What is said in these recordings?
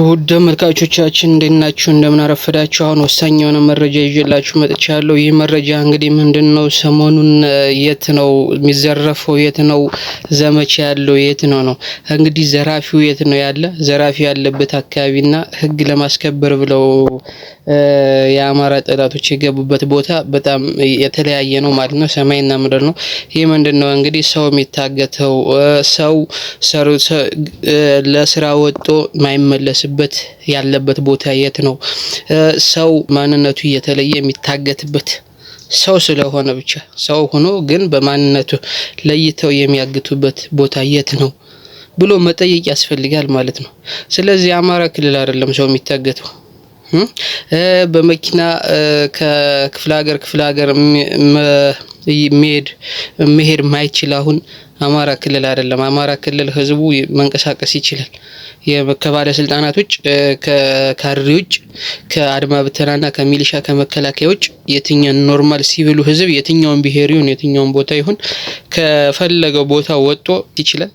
የተከበራችሁ ተመልካቾቻችን እንዴት ናችሁ? እንደምን አረፈዳችሁ። አሁን ወሳኝ የሆነ መረጃ ይዤላችሁ መጥቻለሁ። ይህ መረጃ እንግዲህ ምንድን ነው? ሰሞኑን የት ነው የሚዘረፈው? የት ነው ዘመቻ ያለው? የት ነው ነው እንግዲህ ዘራፊው የት ነው ያለ? ዘራፊው ያለበት አካባቢና ህግ ለማስከበር ብለው የአማራ ጠላቶች የገቡበት ቦታ በጣም የተለያየ ነው ማለት ነው። ሰማይና ምድር ነው። ይህ ምንድን ነው እንግዲህ ሰው የሚታገተው ሰው ለስራ ወጦ የማይመለስበት ያለበት ቦታ የት ነው? ሰው ማንነቱ እየተለየ የሚታገትበት ሰው ስለሆነ ብቻ ሰው ሆኖ ግን በማንነቱ ለይተው የሚያግቱበት ቦታ የት ነው ብሎ መጠየቅ ያስፈልጋል ማለት ነው። ስለዚህ አማራ ክልል አይደለም ሰው የሚታገተው በመኪና ከክፍለ ሀገር ክፍለ ሀገር መሄድ መሄድ ማይችል አሁን አማራ ክልል አይደለም። አማራ ክልል ህዝቡ መንቀሳቀስ ይችላል። ከባለስልጣናት ውጭ፣ ከካድሬ ውጭ፣ ከአድማ ብተናና ከሚሊሻ ከመከላከያ ውጭ የትኛው ኖርማል ሲቪሉ ህዝብ የትኛውን ብሄር ይሁን የትኛውን ቦታ ይሁን ከፈለገው ቦታ ወጥቶ ይችላል።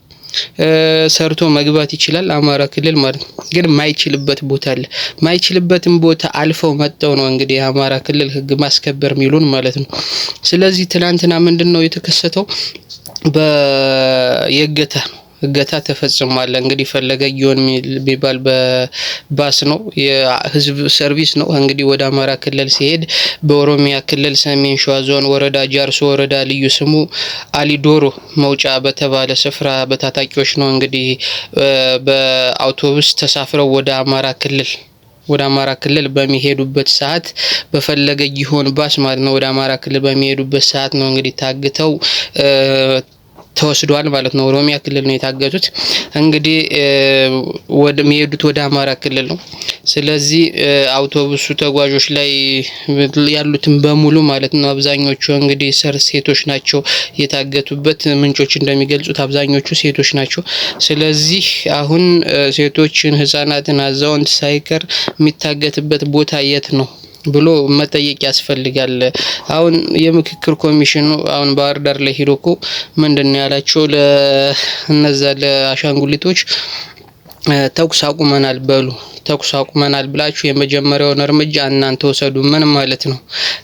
ሰርቶ መግባት ይችላል አማራ ክልል ማለት ነው። ግን ማይችልበት ቦታ አለ። ማይችልበትም ቦታ አልፈው መጠው ነው እንግዲህ የአማራ ክልል ህግ ማስከበር የሚሉን ማለት ነው። ስለዚህ ትናንትና ምንድን ነው የተከሰተው? በየገታ እገታ ተፈጽሟል። እንግዲህ ፈለገ ጊዮን የሚባል በባስ ነው የህዝብ ሰርቪስ ነው እንግዲህ ወደ አማራ ክልል ሲሄድ በኦሮሚያ ክልል ሰሜን ሸዋ ዞን ወረዳ ጃርሶ ወረዳ ልዩ ስሙ አሊዶሮ መውጫ በተባለ ስፍራ በታጣቂዎች ነው እንግዲህ በአውቶቡስ ተሳፍረው ወደ አማራ ክልል ወደ አማራ ክልል በሚሄዱበት ሰዓት በፈለገ ጊዮን ባስ ማለት ነው ወደ አማራ ክልል በሚሄዱበት ሰዓት ነው እንግዲህ ታግተው ተወስዷል ማለት ነው። ኦሮሚያ ክልል ነው የታገቱት። እንግዲህ የሚሄዱት ወደ አማራ ክልል ነው። ስለዚህ አውቶቡሱ ተጓዦች ላይ ያሉትን በሙሉ ማለት ነው አብዛኞቹ እንግዲህ ሰር ሴቶች ናቸው የታገቱበት። ምንጮች እንደሚገልጹት አብዛኞቹ ሴቶች ናቸው። ስለዚህ አሁን ሴቶችን፣ ህጻናትን፣ አዛውንት ሳይቀር የሚታገትበት ቦታ የት ነው? ብሎ መጠየቅ ያስፈልጋል። አሁን የምክክር ኮሚሽኑ አሁን ባህር ዳር ላይ ሂዶ እኮ ምንድን ነው ያላቸው ለእነዛ ለአሻንጉሊቶች ተኩስ አቁመናል በሉ ተኩስ አቁመናል ብላችሁ የመጀመሪያውን እርምጃ እናንተ ወሰዱ። ምን ማለት ነው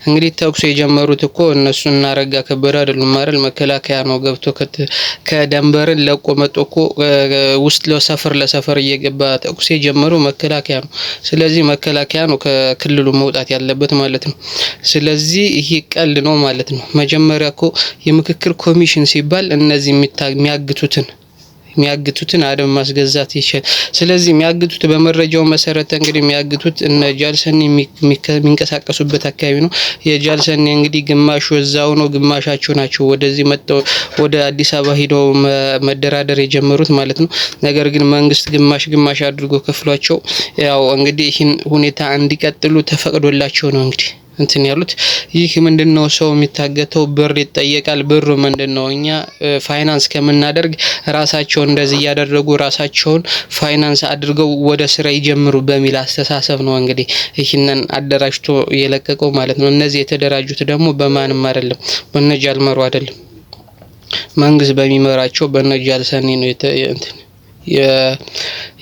እንግዲህ ተኩስ የጀመሩት እኮ እነሱ እና አረጋ ከበደ አይደሉም አይደል? መከላከያ ነው ገብቶ ከደንበርን ለቆ መጦ እኮ ውስጥ ለሰፈር ለሰፈር እየገባ ተኩስ የጀመሩ መከላከያ ነው። ስለዚህ መከላከያ ነው ከክልሉ መውጣት ያለበት ማለት ነው። ስለዚህ ይሄ ቀልድ ነው ማለት ነው። መጀመሪያ እኮ የምክክር ኮሚሽን ሲባል እነዚህ የሚያግቱትን የሚያግቱትን አደም ማስገዛት ይችላል። ስለዚህ የሚያግቱት በመረጃው መሰረት እንግዲህ የሚያግቱት እነ ጃልሰኒ የሚንቀሳቀሱበት አካባቢ ነው። የጃልሰኒ እንግዲህ ግማሹ እዛው ነው፣ ግማሻቸው ናቸው ወደዚህ መጥተው ወደ አዲስ አበባ ሂደው መደራደር የጀመሩት ማለት ነው። ነገር ግን መንግስት ግማሽ ግማሽ አድርጎ ከፍሏቸው ያው እንግዲህ ይህን ሁኔታ እንዲቀጥሉ ተፈቅዶላቸው ነው እንግዲህ እንትን ያሉት። ይህ ምንድነው ሰው የሚታገተው ብር ይጠየቃል። ብሩ ምንድነው እኛ ፋይናንስ ከምናደርግ ራሳቸውን እንደዚህ እያደረጉ ራሳቸውን ፋይናንስ አድርገው ወደ ስራ ይጀምሩ በሚል አስተሳሰብ ነው እንግዲህ ይህንን አደራጅቶ የለቀቀው ማለት ነው። እነዚህ የተደራጁት ደግሞ በማንም አይደለም፣ በነ ጃልመሩ አይደለም፣ መንግስት በሚመራቸው በነ ሰኔ ነው እንትን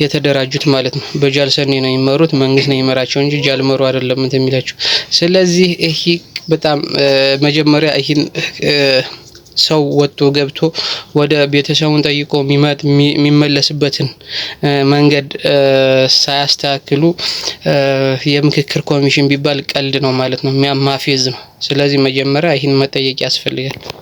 የተደራጁት ማለት ነው። በጃልሰኔ ነው የሚመሩት፣ መንግስት ነው የሚመራቸው እንጂ ጃልመሩ አይደለም እንትን የሚላቸው። ስለዚህ ይህ በጣም መጀመሪያ ይህን ሰው ወጥቶ ገብቶ ወደ ቤተሰቡን ጠይቆ የሚመለስበትን መንገድ ሳያስተካክሉ የምክክር ኮሚሽን ቢባል ቀልድ ነው ማለት ነው፣ ማፌዝ ነው። ስለዚህ መጀመሪያ ይህን መጠየቅ ያስፈልጋል።